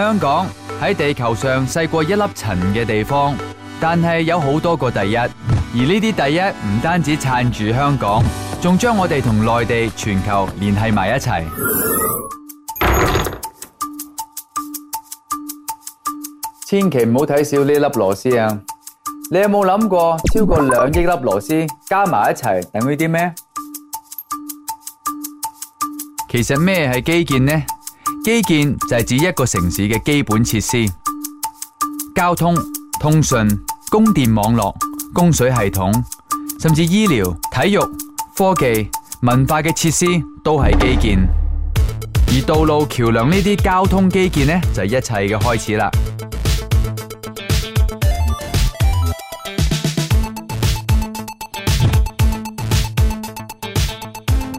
香港喺地球上細過一粒塵嘅地方，但係有好多個第一。而呢啲第一唔單止撐住香港，仲將我哋同內地、全球聯繫埋一齊。千祈唔好睇少呢粒螺絲啊！你有冇諗過，超過兩億粒螺絲加埋一齊等於啲咩？其實咩係基建呢？基建就係指一個城市嘅基本設施，交通、通訊、供電網絡、供水系統，甚至醫療、體育、科技、文化嘅設施都係基建。而道路、橋樑呢啲交通基建呢，就係一切嘅開始啦。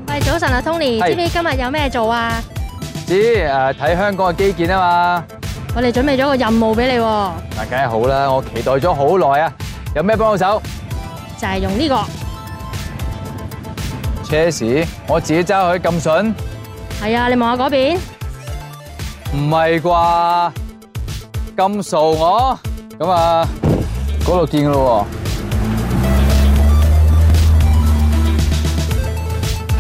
喂，早晨啊，Tony，知唔知今日有咩做啊？啲誒，睇香港嘅基建啊嘛，我哋準備咗個任務俾你，嗱，梗係好啦，我期待咗好耐啊，有咩幫我手？就係用呢個車匙，我自己揸佢咁順，係啊，你望下嗰邊，唔係啩？咁傻我？咁啊，嗰度見咯。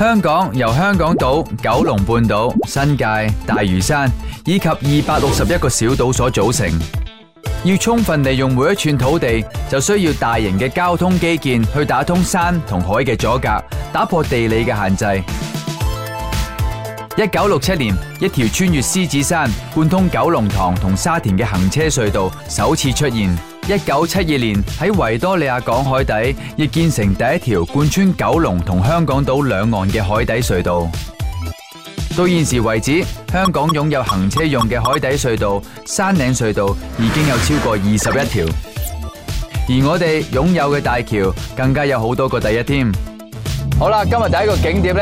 香港由香港島、九龍半島、新界、大嶼山以及二百六十一個小島所組成。要充分利用每一寸土地，就需要大型嘅交通基建去打通山同海嘅阻隔，打破地理嘅限制。一九六七年，一條穿越獅子山、貫通九龍塘同沙田嘅行車隧道首次出現。一九七二年喺維多利亞港海底亦建成第一條貫穿九龍同香港島兩岸嘅海底隧道。到現時為止，香港擁有行車用嘅海底隧道、山嶺隧道已經有超過二十一條，而我哋擁有嘅大橋更加有好多個第一添。好啦，今日第一個景點呢，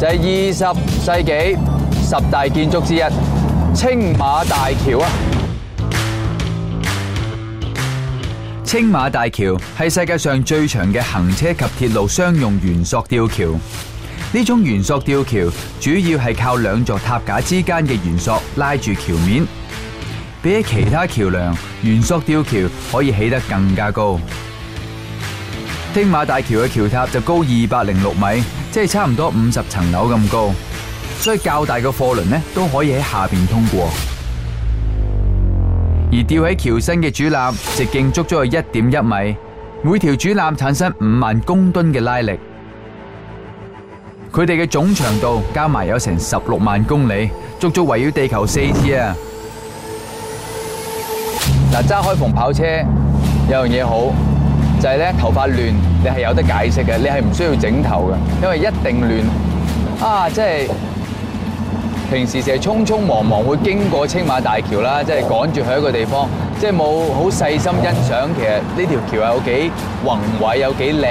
就係二十世紀十大建築之一青馬大橋啊！青馬大橋係世界上最長嘅行車及鐵路雙用懸索吊橋。呢種懸索吊橋主要係靠兩座塔架之間嘅懸索拉住橋面。比起其他橋樑，懸索吊橋可以起得更加高。青馬大橋嘅橋塔就高二百零六米，即係差唔多五十層樓咁高。所以較大嘅貨輪呢，都可以喺下邊通過。而吊喺橋身嘅主纜直徑足足係一點一米，每條主纜產生五萬公噸嘅拉力，佢哋嘅總長度加埋有成十六萬公里，足足圍繞地球四次啊！嗱，揸開篷跑車有樣嘢好就係咧，頭髮亂你係有得解釋嘅，你係唔需要整頭嘅，因為一定亂啊，即係。平時成日匆匆忙忙會經過青馬大橋啦，即係趕住去一個地方，即係冇好細心欣賞。其實呢條橋有幾宏偉，有幾靚，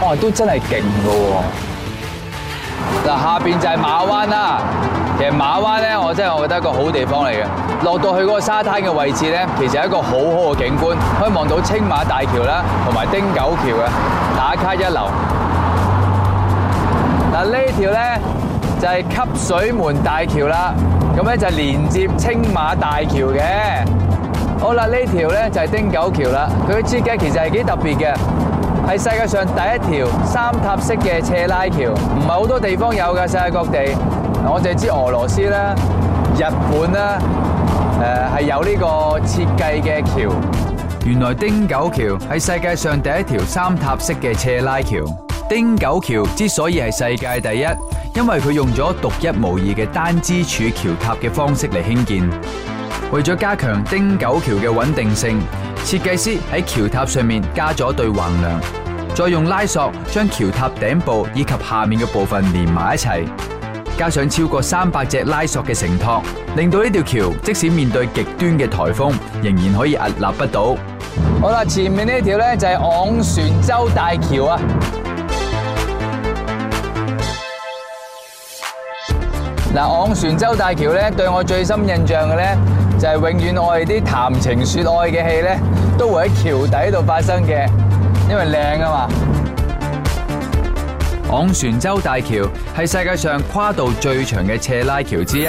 哇！都真係勁㗎喎。嗱，下邊就係馬灣啦。其實馬灣咧，我真係我覺得一個好地方嚟嘅。落到去嗰個沙灘嘅位置咧，其實係一個好好嘅景觀，可以望到青馬大橋啦，同埋汀九橋啊，打卡一流。嗱，呢條咧。就係汲水門大橋啦，咁咧就連接青馬大橋嘅。好啦，呢條咧就係汀九橋啦，佢嘅設計其實係幾特別嘅，係世界上第一條三塔式嘅斜拉橋，唔係好多地方有嘅，世界各地，我哋知俄羅斯啦、日本啦，誒係有呢個設計嘅橋。原來汀九橋係世界上第一條三塔式嘅斜拉橋。汀九橋之所以係世界第一。因為佢用咗獨一無二嘅單支柱橋塔嘅方式嚟興建，為咗加強汀九橋嘅穩定性，設計師喺橋塔上面加咗對橫梁，再用拉索將橋塔頂部以及下面嘅部分連埋一齊，加上超過三百隻拉索嘅承托，令到呢條橋即使面對極端嘅台風，仍然可以屹立不倒。好啦，前面呢條呢就係昂船洲大橋啊。嗱，昂船洲大橋咧，對我最深印象嘅咧，就係永遠我哋啲談情說愛嘅戲咧，都會喺橋底度發生嘅，因為靚啊嘛！昂船洲大橋係世界上跨度最長嘅斜拉橋之一，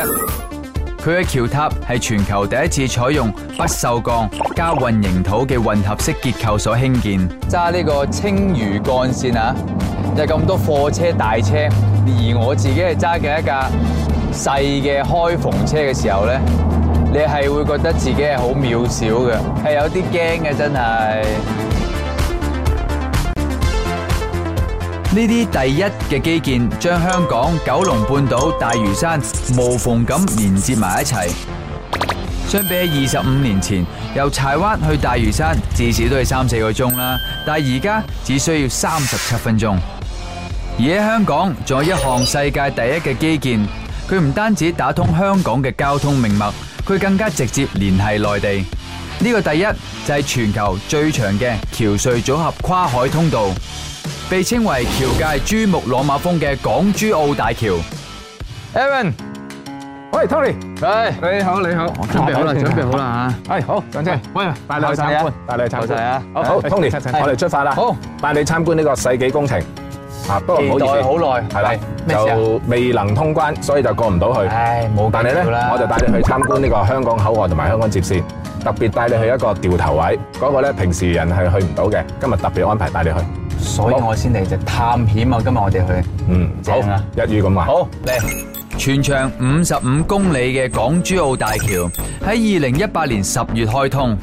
佢嘅橋塔係全球第一次採用不銹鋼加混凝土嘅混合式結構所興建鯛鯛鯛這。揸呢個青嶼幹線啊，有咁多貨車大車，而我自己係揸嘅一架。細嘅開逢車嘅時候呢，你係會覺得自己係好渺小嘅，係有啲驚嘅，真係。呢啲第一嘅基建將香港九龍半島大嶼山無縫咁連接埋一齊。相比起二十五年前，由柴灣去大嶼山至少都係三四個鐘啦，但係而家只需要三十七分鐘。而喺香港仲有一項世界第一嘅基建。佢唔單止打通香港嘅交通命脈，佢更加直接聯繫內地。呢個第一就係全球最長嘅橋隧組合跨海通道，被稱為“橋界珠穆朗瑪峰”嘅港珠澳大橋。Evan，喂，Tony，係，你好，你好，準備好啦，準備好啦吓。係，好，上車。喂，帶你去參觀，帶你去參觀，好，好，Tony，我哋出發啦。好，帶你參觀呢個世紀工程。啊，不過唔好意思，好耐，係咪就未能通關，所以就過唔到去。唉，冇。但你咧，我就帶你去參觀呢個香港口岸同埋香港接線，特別帶你去一個掉頭位，嗰個咧平時人係去唔到嘅，今日特別安排帶你去。所以我先嚟就探險啊！今日我哋去。嗯，好啊，一於咁話。好，嚟！全長五十五公里嘅港珠澳大橋喺二零一八年十月開通，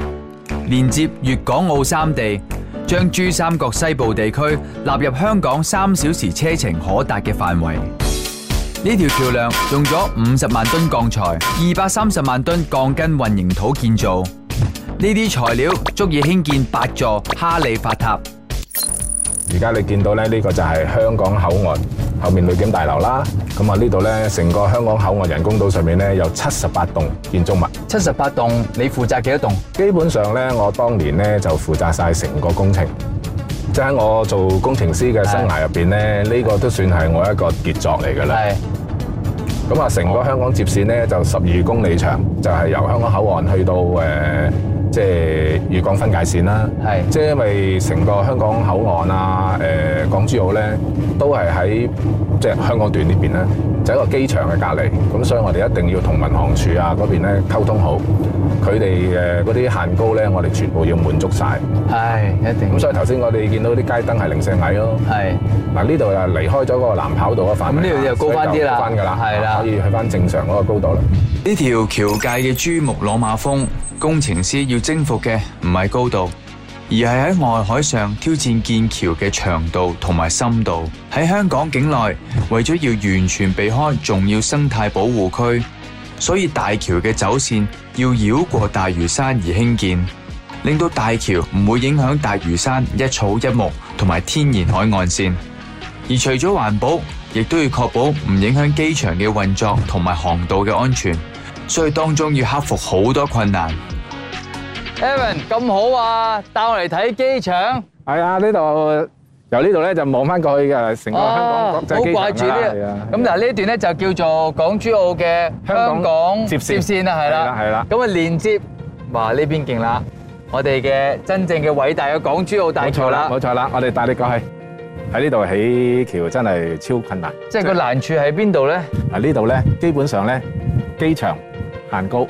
連接粵港澳三地。將珠三角西部地區納入香港三小時車程可達嘅範圍。呢條橋樑用咗五十萬噸鋼材、二百三十萬噸鋼筋混凝土建造，呢啲材料足以興建八座哈利法塔。而家你見到咧，呢個就係香港口岸。後面旅檢大樓啦，咁啊呢度咧，成個香港口岸人工島上面咧有七十八棟建築物。七十八棟，你負責幾多棟？基本上咧，我當年咧就負責晒成個工程，即係喺我做工程師嘅生涯入邊咧，呢係個都算係我一個傑作嚟噶啦。係，咁啊，成個香港接線咧就十二公里長，就係、係、由香港口岸去到誒。呃即係粵港分界線啦，即係因為成個香港口岸啊、誒港珠澳咧，都係喺即係香港段呢邊咧，就喺個機場嘅隔籬，咁所以我哋一定要同民航處啊嗰邊咧溝通好，佢哋誒嗰啲限高咧，我哋全部要滿足曬。係，一定。咁所以頭先我哋見到啲街燈係零舍矮咯。係，嗱呢度又離開咗嗰個南跑道嘅範圍，咁呢度又高翻啲啦，係啦，可以去翻正常嗰個高度啦。呢條橋界嘅珠穆朗瑪峯，工程師要，征服嘅唔係高度，而係喺外海上挑戰建橋嘅長度同埋深度。喺香港境內，為咗要完全避開重要生態保護區，所以大橋嘅走線要繞過大嶼山而興建，令到大橋唔會影響大嶼山一草一木同埋天然海岸線。而除咗環保，亦都要確保唔影響機場嘅運作同埋航道嘅安全，所以當中要克服好多困難。Evan 咁好啊，帶我嚟睇機場。係啊，呢度由呢度咧就望翻過去嘅成個香港國際機場啊。咁嗱，呢段咧就叫做港珠澳嘅香港接線啊，係啦，係啦。咁啊，連接哇呢邊勁啦，我哋嘅真正嘅偉大嘅港珠澳大橋啦，冇錯啦，冇錯啦，我哋帶你過去。喺呢度起橋真係超困難。即係個難處喺邊度咧？啊呢度咧，基本上咧機場限高。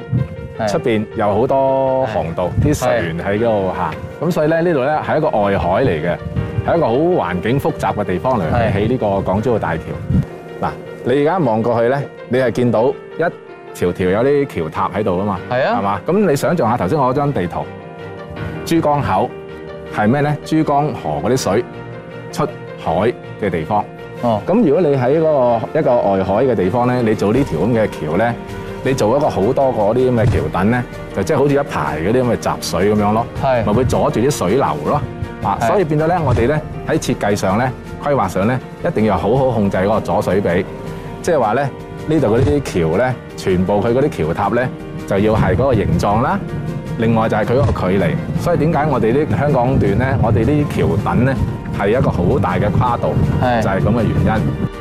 出邊有好多航道，啲船喺嗰度行，咁所以咧呢度咧係一個外海嚟嘅，係一個好環境複雜嘅地方嚟，起呢個港珠澳大橋。嗱，你而家望過去咧，你係見到一條條有啲橋塔喺度噶嘛？係啊，係嘛？咁你想象下頭先我嗰張地圖，珠江口係咩咧？珠江河嗰啲水出海嘅地方。哦，咁如果你喺嗰個一個外海嘅地方咧，你做呢條咁嘅橋咧？你做一個好多嗰啲咁嘅橋墩咧，就即係好似一排嗰啲咁嘅閘水咁樣咯，咪是會阻住啲水流咯。啊是，所以變咗咧，我哋咧喺設計上咧、規劃上咧，一定要好好控制嗰個阻水比，即係話咧呢度嗰啲橋咧，全部佢嗰啲橋塔咧就要係嗰個形狀啦。另外就係佢個距離，所以點解我哋啲香港段咧，我哋啲橋墩咧係一個好大嘅跨度，是就係咁嘅原因。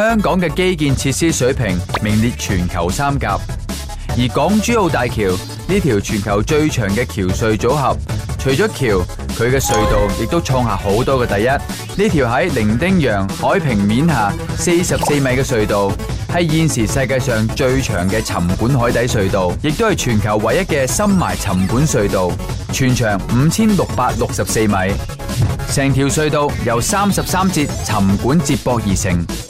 香港嘅基建設施水平名列全球三甲，而港珠澳大橋呢條全球最長嘅橋隧組合，除了橋，除咗橋，佢嘅隧道亦都創下好多嘅第一。呢條喺伶仃洋海平面下四十四米嘅隧道，係現時世界上最長嘅沉管海底隧道，亦都係全球唯一嘅深埋沉管隧道，全長五千六百六十四米，成條隧道由三十三節沉管接駁而成。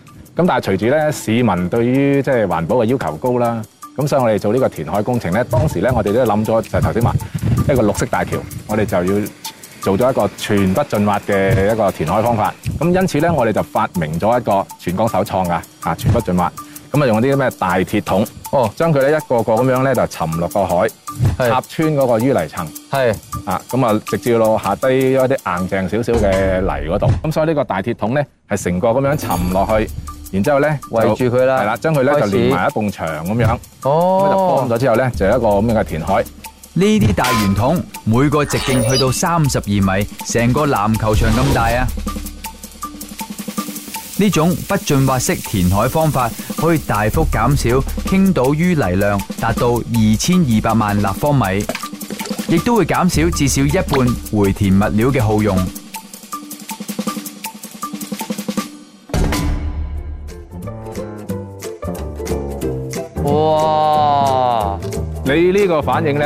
咁但係隨住咧市民對於即係環保嘅要求高啦，咁所以我哋做呢個填海工程咧，當時咧我哋都諗咗，就頭先話一個綠色大橋，我哋就要做咗一個全不浚挖嘅一個填海方法。咁因此咧，我哋就發明咗一個全港首創噶，啊全不浚挖。咁啊用嗰啲咩大鐵桶，哦，將佢咧一個個咁樣咧就沉落個海，插穿嗰個淤泥層，係啊，咁啊直接落下低一啲硬淨少少嘅泥嗰度。咁所以呢個大鐵桶咧係成個咁樣沉落去。然之後咧圍住佢啦，係啦，將佢咧就連埋一埲牆咁樣，咁就幫咗之後咧就係一個咁樣嘅填海。呢啲大圓筒每個直徑去到三十二米，成個籃球場咁大啊！呢種不浚挖式填海方法可以大幅減少傾倒淤泥量，達到二千二百萬立方米，亦都會減少至少一半回填物料嘅耗用。你呢個反應呢，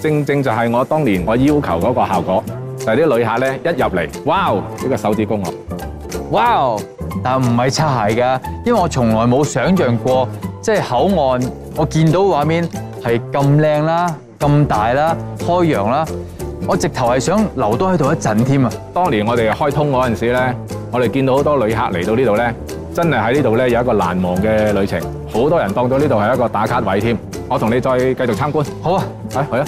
正正就係我當年我要求嗰個效果，就係啲旅客呢，一入嚟，哇！呢、呢個手指公啊，哇！哇，但唔係擦鞋噶，因為我從來冇想象過，即係口岸我見到畫面係咁靚啦，咁大啦，開揚啦，我直頭係想留多喺度一陣添啊！當年我哋開通嗰陣時呢，我哋見到好多旅客嚟到呢度呢，真係喺呢度呢有一個難忘嘅旅程，好多人當到呢度係一個打卡位添。我同你再繼續參觀，好啊，係，去啊！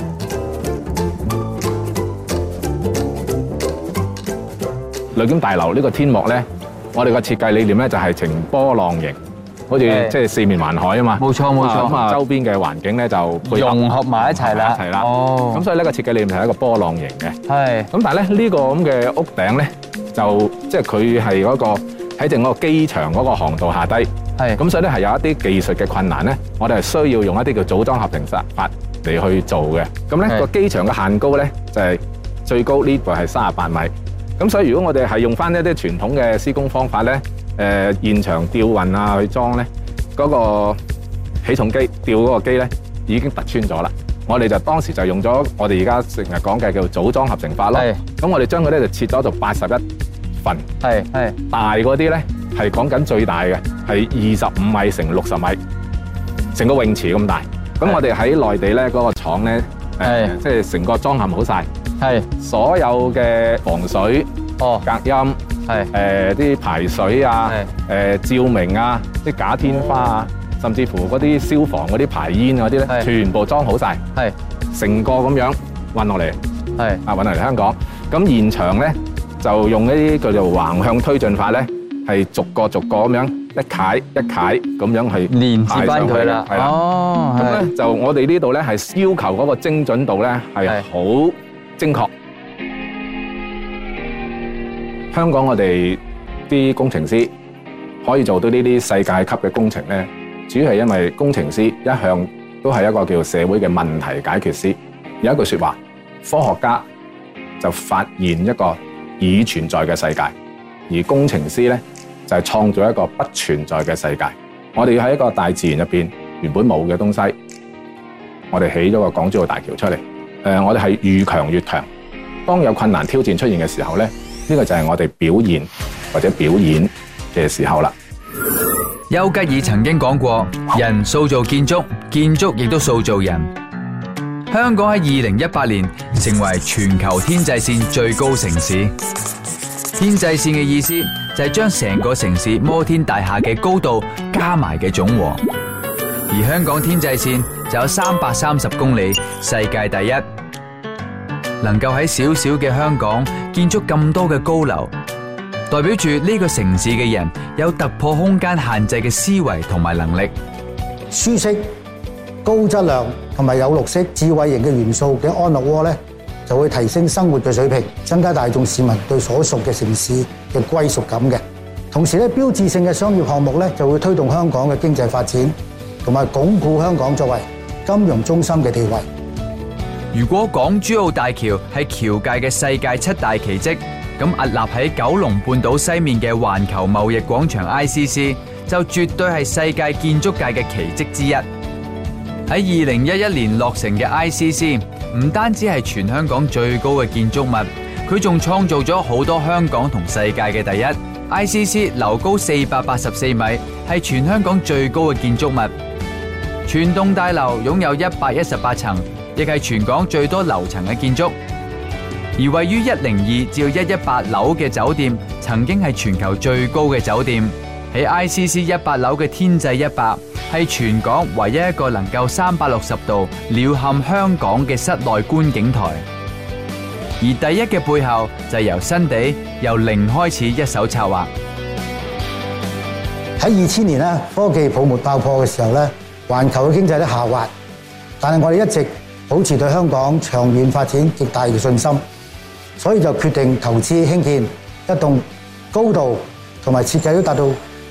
旅檢大樓呢個天幕咧，我哋個設計理念咧就係呈波浪形，好似即係四面環海啊嘛。冇錯冇錯，咁啊，周邊嘅環境咧就融合埋一齊啦，一齊啦。哦，咁所以呢個設計理念係一個波浪形嘅。係。咁但係咧呢個咁嘅屋頂咧，就即係佢係嗰個喺正嗰個機場嗰個航道下低。咁係所以咧係有一啲技術嘅困難咧，我哋係需要用一啲叫組裝合成法嚟去做嘅。咁咧係個機場嘅限高咧就係、係、最高呢度係三十八米。咁所以如果我哋係用翻一啲傳統嘅施工方法咧，誒、呃、現場吊運啊去裝咧，嗰、嗰個起重機吊嗰個機咧已經突穿咗啦。我哋就當時就用咗我哋而家成日講嘅叫做組裝合成法囉。咁係我哋將佢咧就切咗做八十一份。大嗰啲咧係講緊最大嘅。係二十五米乘六十米，成個泳池咁大。咁我哋喺內地咧，嗰個廠咧，係即係成個裝嵌好晒，係所有嘅防水，哦，隔音，係誒啲排水啊，誒照明啊，啲假天花啊，甚至乎嗰啲消防嗰啲排煙嗰啲咧，全部裝好晒，係成個咁樣運落嚟，係啊運落嚟香港。咁現場咧就用一啲叫做橫向推進法咧，係逐個逐個咁樣。一楷一楷咁樣去，去連接翻佢啦，係啦的，哦，咁咧、嗯、的就我哋呢度咧係要求嗰個精準度咧係好精確。的香港我哋啲工程師可以做到呢啲世界級嘅工程咧，主要係因為工程師一向都係一個叫社會嘅問題解決師。有一句説話，科學家就發現一個已存在嘅世界，而工程師咧，就係創造一個不存在嘅世界，我哋要喺一個大自然入面，原本冇嘅東西，我哋起咗個港珠澳大橋出嚟。誒，我哋係越強越強。當有困難挑戰出現嘅時候咧，呢呢個就係我哋表現或者表演嘅時候啦。丘吉爾曾經講過：人塑造建築，建築亦都塑造人。香港喺二零一八年成為全球天際線最高城市。天際線嘅意思。就係將成個城市摩天大廈嘅高度加埋嘅總和，而香港天際線就有三百三十公里，世界第一。能夠喺小小嘅香港建築咁多嘅高樓，代表住呢個城市嘅人有突破空間限制嘅思維同埋能力，舒適、高質量同埋有綠色智慧型嘅元素嘅安樂窩咧，就會提升生活嘅水平，增加大眾市民對所屬嘅城市嘅歸屬感嘅。同時咧，標誌性嘅商業項目咧，就會推動香港嘅經濟發展，同埋鞏固香港作為金融中心嘅地位。如果港珠澳大橋係橋界嘅世界七大奇蹟，咁屹立喺九龍半島西面嘅環球貿易廣場 ICC，就絕對係世界建築界嘅奇蹟之一。喺二零一一年落成嘅 ICC。唔單止係全香港最高嘅建築物，佢仲創造咗好多香港同世界嘅第一。ICC 樓高四百八十四米，係全香港最高嘅建築物。全棟大樓擁有一百一十八層，亦係全港最多樓層嘅建築。而位於一零二至一一八樓嘅酒店，曾經係全球最高嘅酒店。喺 ICC 一百樓嘅天際一百係全港唯一一個能夠三百六十度鳥瞰香港嘅室內觀景台，而第一嘅背後就係由新地由零開始一手策劃。喺二千年科技泡沫爆破嘅時候咧，環球嘅經濟都下滑，但係我哋一直保持對香港長遠發展極大嘅信心，所以就決定投資興建一棟高度同埋設計都達到。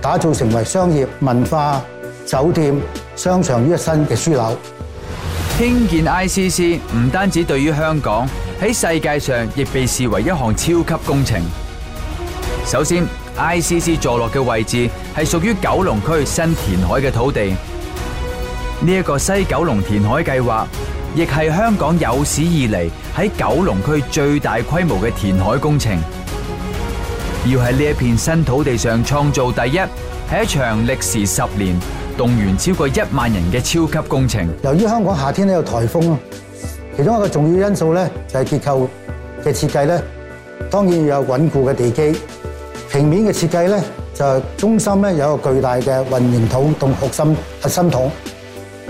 打造成為商業、文化、酒店、商場於一身嘅樞紐。興建 ICC 唔單止對於香港，喺世界上亦被視為一項超級工程。首先，ICC 坐落嘅位置係屬於九龍區新填海嘅土地。呢一個西九龍填海計劃，亦係香港有史以嚟喺九龍區最大規模嘅填海工程。要喺呢一片新土地上創造第一，係一場歷時十年、動員超過一萬人嘅超級工程。由於香港夏天都有台風，其中一個重要因素咧就係結構嘅設計咧，當然要有穩固嘅地基。平面嘅設計咧就中心咧有個巨大嘅混凝土同核心核心筒，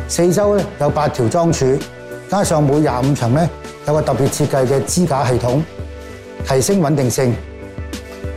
四周咧有八條樁柱，加上每廿五層咧有個特別設計嘅支架系統，提升穩定性。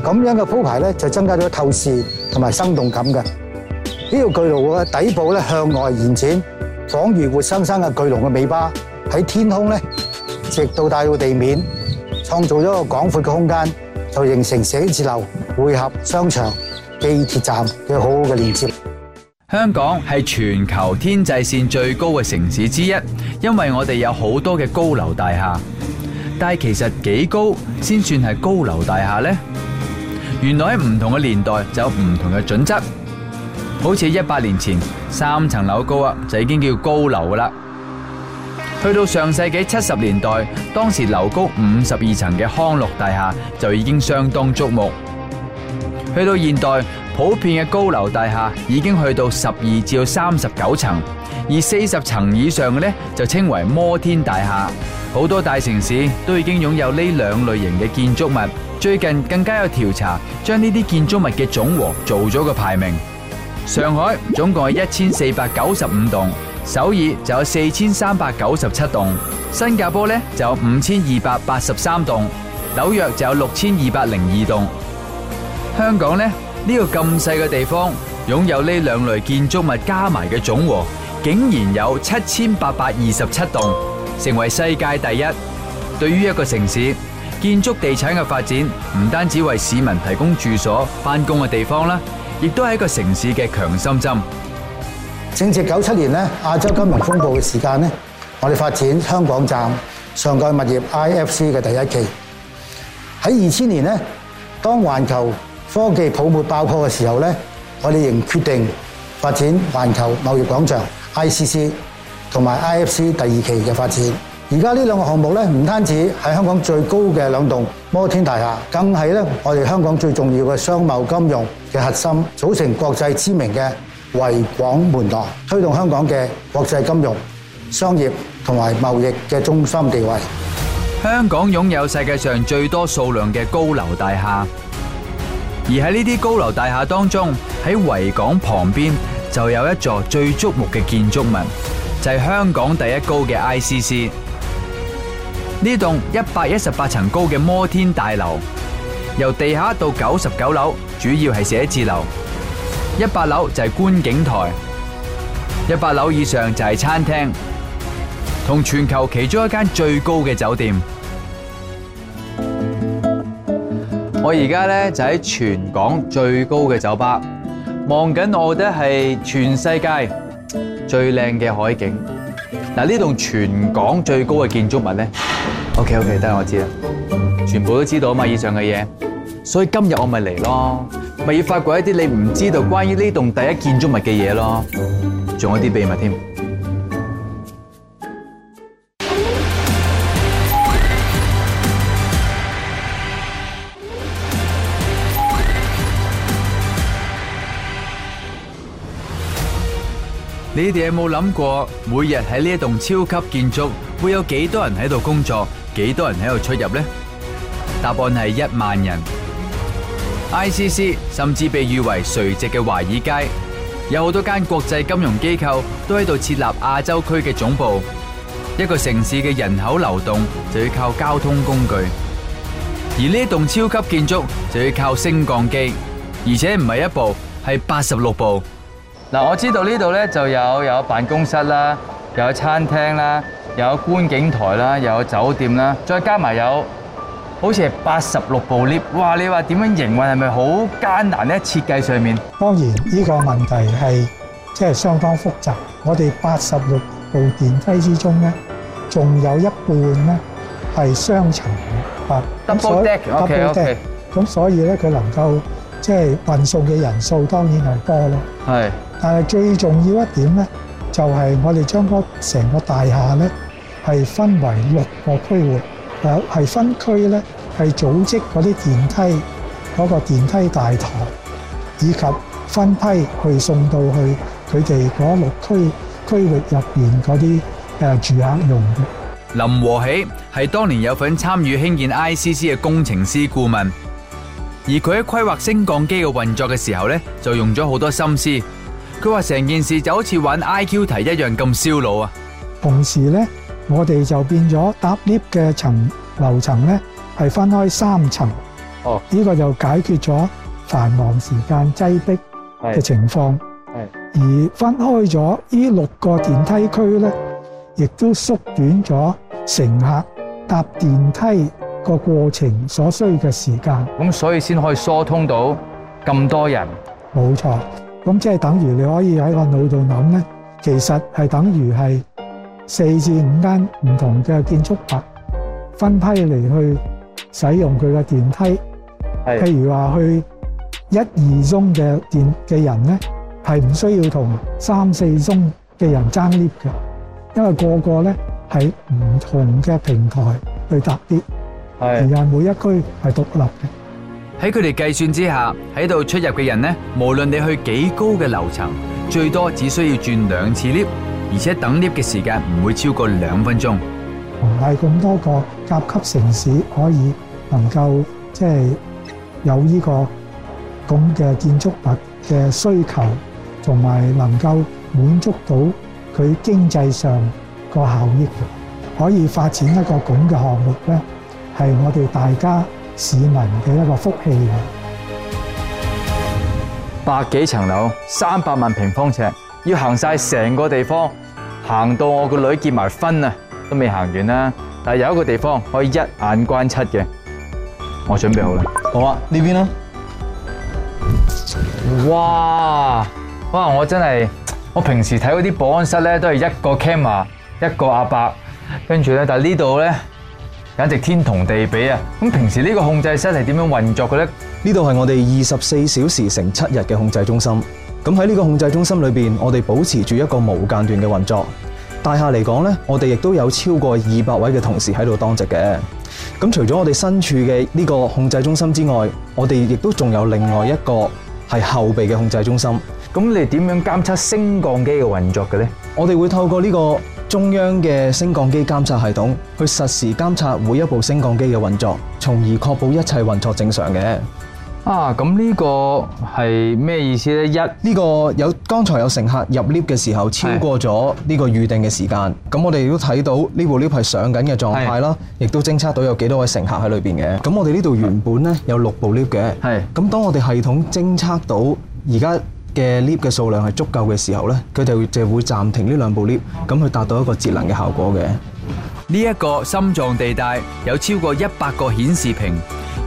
咁樣嘅鋪排咧，就增加咗透視同埋生動感嘅。呢條巨龍嘅底部咧，向外延展，仿如活生生嘅巨龍嘅尾巴喺天空咧，直到帶到地面，創造咗一個廣闊嘅空間，就形成寫字樓、匯合商場、地鐵站嘅好好嘅連接。香港係全球天際線最高嘅城市之一，因為我哋有好多嘅高樓大廈，但係其實幾高先算係高樓大廈咧？原來喺唔同嘅年代就有唔同嘅準則，好似一百年前三層樓高啊，就已經叫高樓㗎啦。去到上世紀七十年代，當時樓高五十二層嘅康樂大廈就已經相當矚目。去到現代。普遍嘅高樓大廈已經去到十二至到三十九層，而四十層以上嘅呢，就稱為摩天大廈。好多大城市都已經擁有呢兩類型嘅建築物。最近更加有調查，將呢啲建築物嘅總和做咗個排名。上海總共係一千四百九十五棟，首爾就有四千三百九十七棟，新加坡呢就有五千二百八十三棟，紐約就有六千二百零二棟，香港呢，呢個咁細嘅地方，擁有呢兩類建築物加埋嘅總和，竟然有七千八百二十七棟，成為世界第一。對於一個城市，建築地產嘅發展唔單止為市民提供住所、翻工嘅地方啦，亦都係一個城市嘅強心針。正值九七年呢，亞洲金融風暴嘅時間呢，我哋發展香港站上蓋物業 IFC 嘅第一期。喺二千年呢，當環球科技泡沫爆破嘅時候咧，我哋仍決定發展環球貿易廣場 ICC 同埋 IFC 第二期嘅發展。而家呢兩個項目咧，唔單止係香港最高嘅兩棟摩天大廈，更係咧我哋香港最重要嘅商貿金融嘅核心，組成國際知名嘅維港門廊，推動香港嘅國際金融、商業同埋貿易嘅中心地位。香港擁有世界上最多數量嘅高樓大廈。而喺呢啲高樓大廈當中，喺維港旁邊就有一座最矚目嘅建築物，就係香港第一高嘅 ICC。呢棟一百一十八層高嘅摩天大樓，由地下到九十九樓，主要係寫字樓，一百樓就係觀景台，一百樓以上就係餐廳，同全球其中一間最高嘅酒店。我而家咧就喺全港最高嘅酒吧，望緊我覺得係全世界最靚嘅海景。嗱，呢棟全港最高嘅建築物咧，OK OK，得我知啦，全部都知道啊嘛，以上嘅嘢。所以今日我咪嚟咯，咪要發掘一啲你唔知道關於呢棟第一建築物嘅嘢咯，仲有啲秘密添。你哋有冇諗過，每日喺呢一棟超級建築會有幾多人喺度工作，幾多人喺度出入呢？答案係一萬人。ICC 甚至被譽為垂直嘅「華爾街」，有好多間國際金融機構都喺度設立亞洲區嘅總部。一個城市嘅人口流動就要靠交通工具，而呢一棟超級建築就要靠升降機，而且唔係一部，係八十六部。嗱，我知道呢度咧就有有辦公室啦，又有餐廳啦，又有觀景台啦，又有酒店啦，再加埋有好似係八十六部 lift，哇！你話點樣營運係咪好艱難咧？設計上面，當然呢個問題係即係相當複雜。我哋八十六部電梯之中咧，仲有一半咧係雙層嘅啊。Double deck，double deck。咁所以咧，佢能夠即係運送嘅人數當然係多咯。係。但係最重要一點呢，就係我哋將嗰成個大廈呢，係分為六個區域，係分區呢，係組織嗰啲電梯嗰、嗰個電梯大堂，以及分批去送到去佢哋嗰六區區域入邊嗰啲誒住客用。林和喜係當年有份參與興建 ICC 嘅工程師顧問，而佢喺規劃升降機嘅運作嘅時候呢，就用咗好多心思。佢話成件事就好似玩 IQ 題一樣咁燒腦啊！同時咧，我哋就變咗搭 lift 嘅層樓層咧，係分開三層。哦，呢個就解決咗繁忙時間擠逼嘅情況。係而分開咗呢六個電梯區咧，亦都縮短咗乘客搭電梯個過程所需嘅時間。咁所以先可以疏通到咁多人。冇錯。咁即係等於你可以喺個腦度諗咧，其實係等於係四至五間唔同嘅建築物分批嚟去使用佢嘅電梯。係，譬如話去一二中嘅電嘅人咧，係唔需要同三四中嘅人爭 lift 嘅，因為個個咧喺唔同嘅平台去搭 lift，係啊，而每一區係獨立嘅。喺佢哋計算之下，喺度出入嘅人咧，無論你去幾高嘅樓層，最多只需要轉兩次 lift，而且等 lift 嘅時間唔會超過兩分鐘。唔係咁多個甲級城市可以能夠即係有呢個咁嘅建築物嘅需求，同埋能夠滿足到佢經濟上個效益，可以發展一個咁嘅項目咧，係我哋大家市民嘅一個福氣嘅，百幾層樓，三百萬平方尺，要行晒成個地方，行到我個女結埋婚啊，都未行完啦。但係有一個地方可以一眼關七嘅，我準備好啦。好啊，呢邊啦。哇哇，我真係，我平時睇嗰啲保安室咧，都係一個 camera，一個阿伯，跟住咧，但係呢度咧。簡直天同地比啊！咁平時呢個控制室係點樣運作嘅呢？呢度係我哋二十四小時乘七日嘅控制中心。咁喺呢個控制中心裏邊，我哋保持住一個無間斷嘅運作。大廈嚟講呢，我哋亦都有超過二百位嘅同事喺度當值嘅。咁除咗我哋身處嘅呢個控制中心之外，我哋亦都仲有另外一個係後備嘅控制中心。咁你點樣監測升降機嘅運作嘅呢？我哋會透過呢個。中央嘅升降機監測系統去實時監測每一部升降機嘅運作，從而確保一切運作正常嘅。啊，咁呢個係咩意思呢？一呢個有剛才有乘客入 lift 嘅時候超過咗呢個預定嘅時間，咁的我哋都睇到呢部 lift 係上緊嘅狀態啦，亦都偵測到有幾多位乘客喺裏邊嘅。咁我哋呢度原本呢有六部 lift 嘅，係咁的當我哋系統偵測到而家嘅 lift 嘅數量係足夠嘅時候咧，佢哋就會暫停呢兩部 lift，咁去達到一個節能嘅效果嘅。呢一個心臟地帶有超過一百個顯示屏，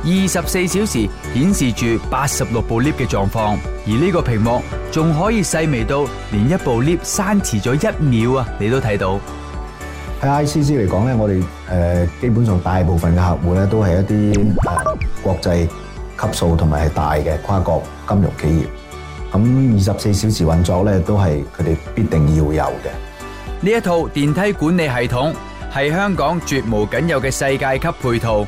二十四小時顯示住八十六部 lift 嘅狀況，而呢個屏幕仲可以細微到連一部 lift 刪遲咗一秒啊，你都睇到。喺 ICC 嚟講咧，我哋誒基本上大部分嘅客戶咧都係一啲誒國際級數同埋係大嘅跨國金融企業。咁二十四小時運作咧，都係佢哋必定要有嘅。呢一套電梯管理系統係香港絕無僅有嘅世界級配套，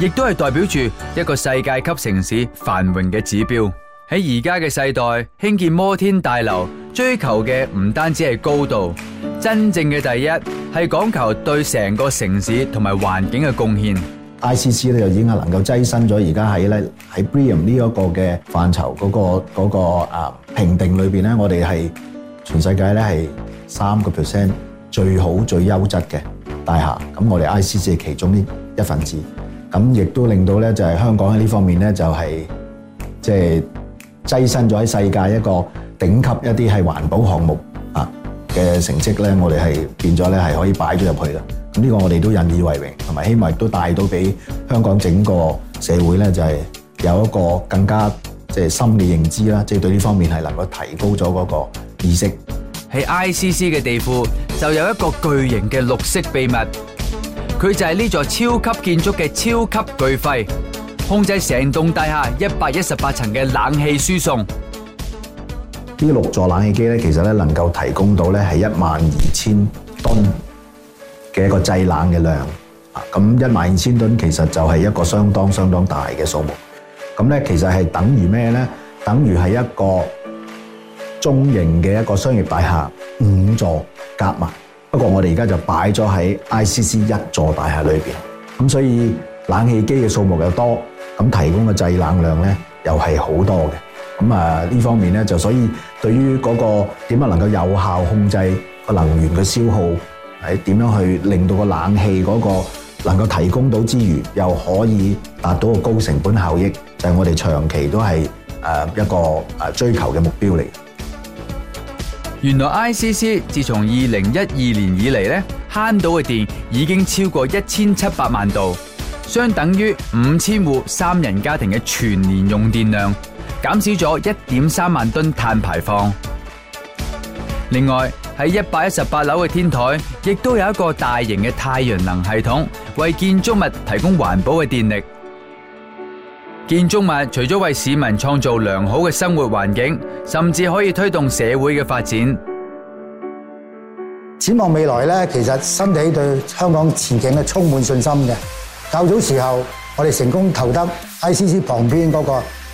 亦都係代表住一個世界級城市繁榮嘅指標。喺而家嘅世代，興建摩天大樓，追求嘅唔單止係高度，真正嘅第一，係講求對成個城市同埋環境嘅貢獻。ICC 咧就已經能夠躋身咗，而家喺咧喺 BREEAM 呢一個嘅範疇嗰、嗰個嗰啊、嗰個嗰個、評定裏邊咧，我哋係全世界咧係三個 percent 最好最優質嘅大廈，咁我哋 ICC 係其中呢一份子，咁亦都令到咧就係香港喺呢方面咧就係即係躋身咗喺世界一個頂級一啲係環保項目。嘅成績咧，我哋係變咗咧，係可以擺咗入去啦。咁、這、呢個我哋都引以為榮，同埋希望都帶到俾香港整個社會咧，就係、是、有一個更加即係深嘅認知啦。即、就、係、是、對呢方面係能夠提高咗嗰個意識。喺 ICC 嘅地庫就有一個巨型嘅綠色秘密，佢就係呢座超級建築嘅超級巨肺，控制成棟大廈一百一十八層嘅冷氣輸送。呢六座冷氣機其實能夠提供到係一萬二千噸嘅一個製冷嘅量。咁一萬二千噸其實就係一個相當相當大嘅數目。咁呢其實係等於咩呢？等於係一個中型嘅一個商業大廈五座夾埋。不過我哋而家就擺咗喺 ICC 一座大廈裏面。咁所以冷氣機嘅數目又多，咁提供嘅制冷量呢又係好多嘅。咁啊！呢方面咧，就所以對於嗰個點樣能夠有效控制個能源嘅消耗，喺點樣去令到個冷氣嗰個能夠提供到之餘，又可以達到個高成本效益，就係、是、我哋長期都係誒一個誒追求嘅目標嚟。原來 I C C 自從二零一二年以嚟咧，慳到嘅電已經超過一千七百萬度，相等於五千戶三人家庭嘅全年用電量。減少咗一點三萬噸碳排放。另外喺一百一十八樓嘅天台，亦都有一個大型嘅太陽能系統，為建築物提供環保嘅電力。建築物除咗為市民創造良好嘅生活環境，甚至可以推動社會嘅發展。展望未來呢，其實新地對香港前景係充滿信心嘅。較早時候，我哋成功投得 ICC 旁邊嗰個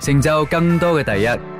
成就更多嘅第一。